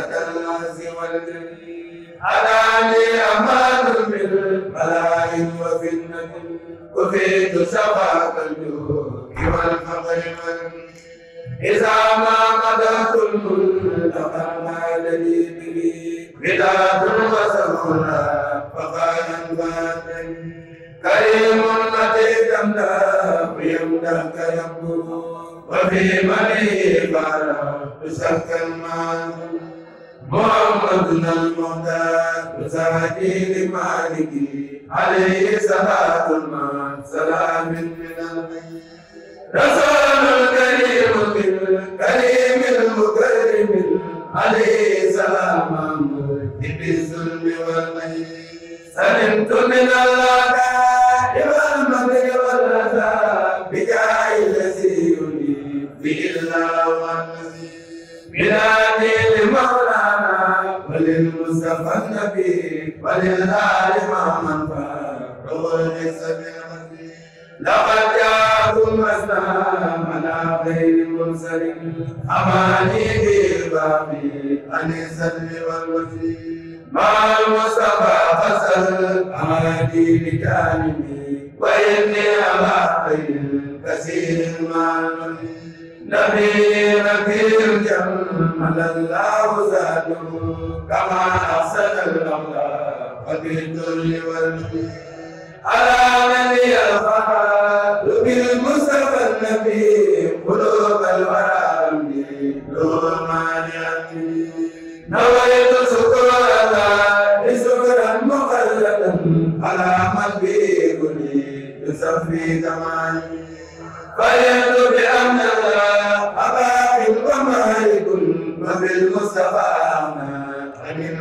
لك العز والجميل أناني أمان بالبلاء وفي الندم وفيت شفاك الجود والفقر من إذا ما مدى كل فقد مال لي به بداد وسهولا فقال باطن كريم لطيف يمدح يمدحك يمدح وفي مليء بارك بسلك المال محمدنا المهدى وزاكي لمالكي عليه صلاة الماء سلام من المين رسول الكريم الكريم المكرم عليه سلام بالظلم والمين سلمت من الله وللآل ما من فوليس بالمسيح لقد جاءكم أسلام على غير مرسل أماني بالباب عن السلم والوسيل مع المصطفى فصل أماني بجانبي وإني على خير كثير مع الولي نبي نبي الجمل الله زاده كما أحسن الأخلاق وبالذل والمن على من يرفع بالمصطفى النبي قلوب الورى نور مانعة نويت سكوتا لسكرا مخلدا على من بيقني يصفي كمالي فليت بأمن الله أباق ومالك وبالمصطفى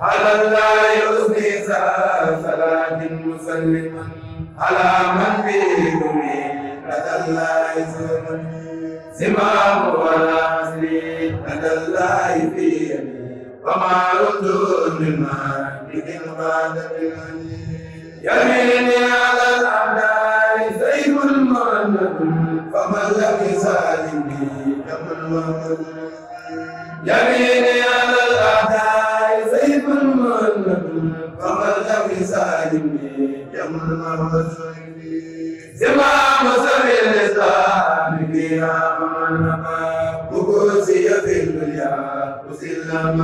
على الله حسني صلاة مسلما على من بيدني لدى الله سلمني زمام وناصري لدى الله في يمي وما رد من مالك بعد بالغني يميني على الأعداء سيف المعنب فمن لم يسالني كمن ومن يميني على خادمي جمع وسعدي زمام سعي الإسلام يا من وقوسي في الدنيا وسلم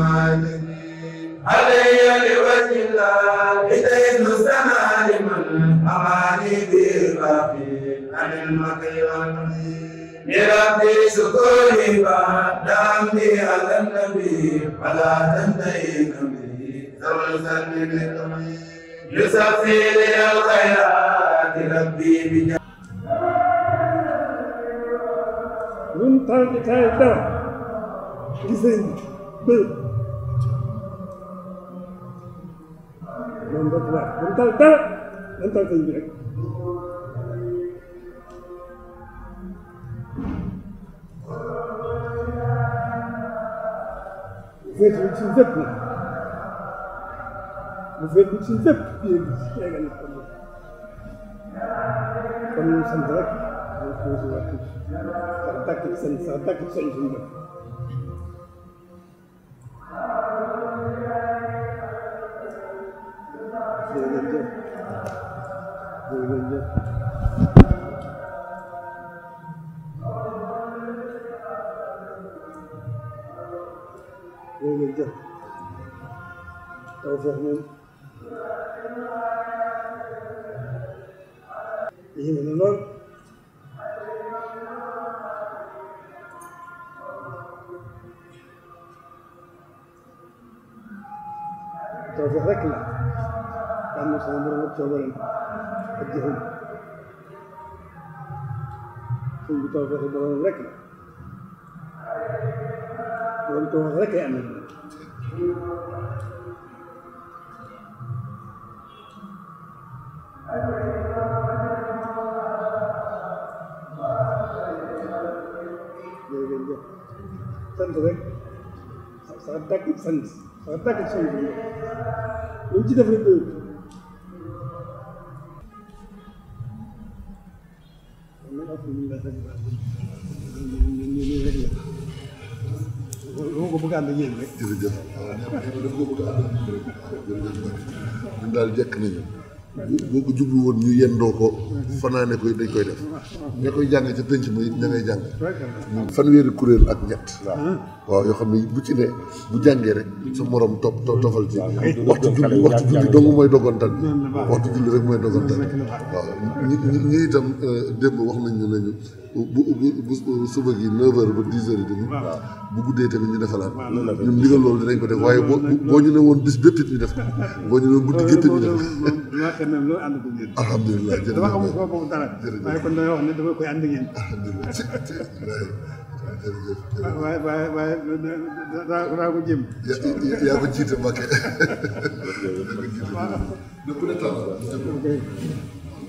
علي لوجه الله إليه سنا لمن أعاني بالباقي عن المكي والمدين بربي شكري بعد عمي على النبي فلا تنتهي كمي زوجا من الطبيب يسفي لي الخيرات ربي بجاه ñun taal bi taal dara di sëñ bi moom rek laa ñun taal dara dañ taal sëñ bi rek féet ci lépp nag bu fekkee ci lépp yéeg yéegal na ko kon ñu sant rek ñu si wax sax dàkk ci seen sax dàkk ci seen suñu bopp jërëjëf jërëjëf jërëjëf tawfeex moom yéeme na lool tawfeex rek la am na sama borom ak coobaram ak jëfam suñ bi tawfeexi borom rek la loolu tawfeex rek ay am na jëf sant rek sax dàkk sant sax dàkk sant bi lu ci def rek doyut nag alhamdulilah rek la ko bëgg a ànd ak yéen rek jërëjëf dama ko bëgg a ànd ak yéen rek jërëjëf ñun daal jekk nañu boo ko jublu woon ñu yendoo ko fanaane koy dañ koy def nga koy jàng ca tënc ma it ña ngay jàng fanweeri kuréel ak ñett waaw yoo xam ne bu ci ne bu jàngee rek sa morom topp tofal ci waxtu julli waxtu julli dong mooy dogantal bi waxtu julli rek mooy dogantal bi waaw ñi ñi itam euh, démb wax nañ ñu nañu bu bu suba gi 9h ba 10h bu guddee tamit ñu defalaat. ñun ndigal loolu dinañ ko def waaye boo boo ñu ne woon bis bépp it ñu def boo ñu ne woon guddi gépp it ñu def ko. dama xëy na loolu ànd ko ngeen. alhamdulilah jërëjëf dama xamul foofu foofu dara. kon dama wax ne dama koy ànd ngeen. alhamdulilah jërëjëf. waaye waaye waaye daa daa ko jëm. yaa ko jiite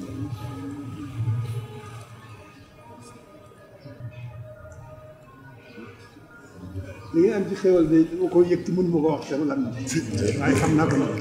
li ngeen am ci xéwal de ma ko yëg ci mën ma ko wax sama lan la waaye xam naa ko nag